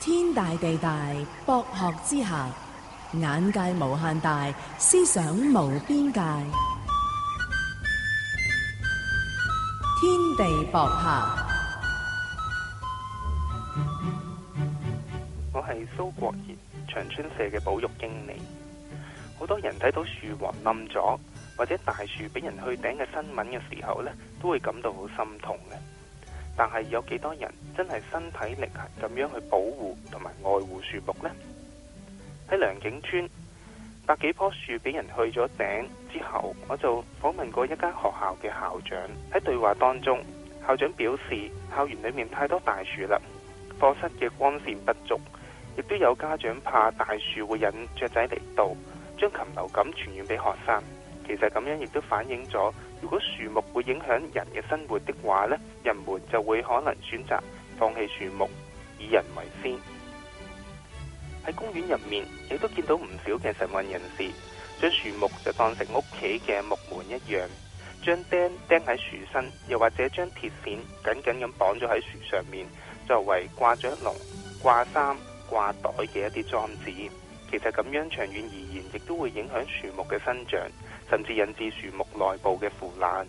天大地大，博學之下；眼界無限大，思想無邊界。天地博客，我係蘇國賢，長春社嘅保育經理。好多人睇到樹王冧咗，或者大樹俾人去頂嘅新聞嘅時候呢都會感到好心痛嘅。但係有幾多人真係身體力行咁樣去保護同埋愛護樹木呢？喺良景村，百幾棵樹俾人去咗頂之後，我就訪問過一間學校嘅校長。喺對話當中，校長表示，校園裏面太多大樹啦，課室嘅光線不足，亦都有家長怕大樹會引雀仔嚟到，將禽流感傳染俾學生。就咁樣，亦都反映咗，如果樹木會影響人嘅生活的話呢，人們就會可能選擇放棄樹木，以人為先。喺公園入面，亦都見到唔少嘅晨運人士，將樹木就當成屋企嘅木門一樣，將釘釘喺樹身，又或者將鐵線緊緊咁綁咗喺樹上面，作為掛住籠、掛衫、掛袋嘅一啲裝置。其實咁樣長遠而言，亦都會影響樹木嘅生長，甚至引致樹木內部嘅腐爛。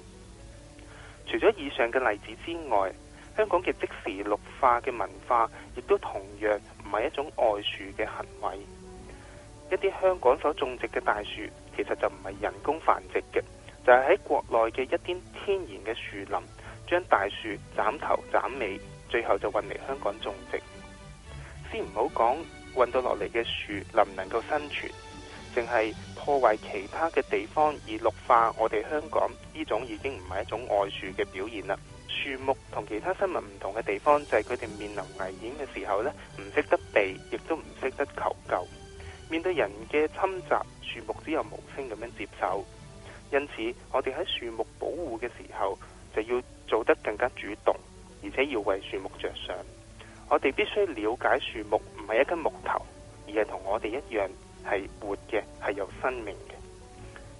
除咗以上嘅例子之外，香港嘅即時綠化嘅文化，亦都同樣唔係一種愛樹嘅行為。一啲香港所種植嘅大樹，其實就唔係人工繁殖嘅，就係、是、喺國內嘅一啲天然嘅樹林，將大樹斬頭斬尾，最後就運嚟香港種植。先唔好講。運到落嚟嘅樹能唔能夠生存，淨係破壞其他嘅地方而綠化我哋香港，呢種已經唔係一種愛樹嘅表現啦。樹木同其他生物唔同嘅地方就係佢哋面臨危險嘅時候呢，唔識得避，亦都唔識得求救。面對人嘅侵襲，樹木只有無聲咁樣接受。因此，我哋喺樹木保護嘅時候就要做得更加主動，而且要為樹木着想。我哋必須了解樹木，唔係一根木頭，而係同我哋一樣係活嘅，係有生命嘅。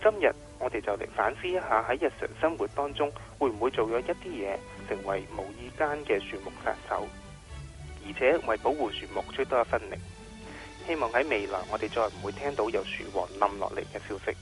今日我哋就嚟反思一下喺日常生活當中，會唔會做咗一啲嘢，成為無意間嘅樹木殺手，而且為保護樹木出多一分力。希望喺未來我哋再唔會聽到有樹王冧落嚟嘅消息。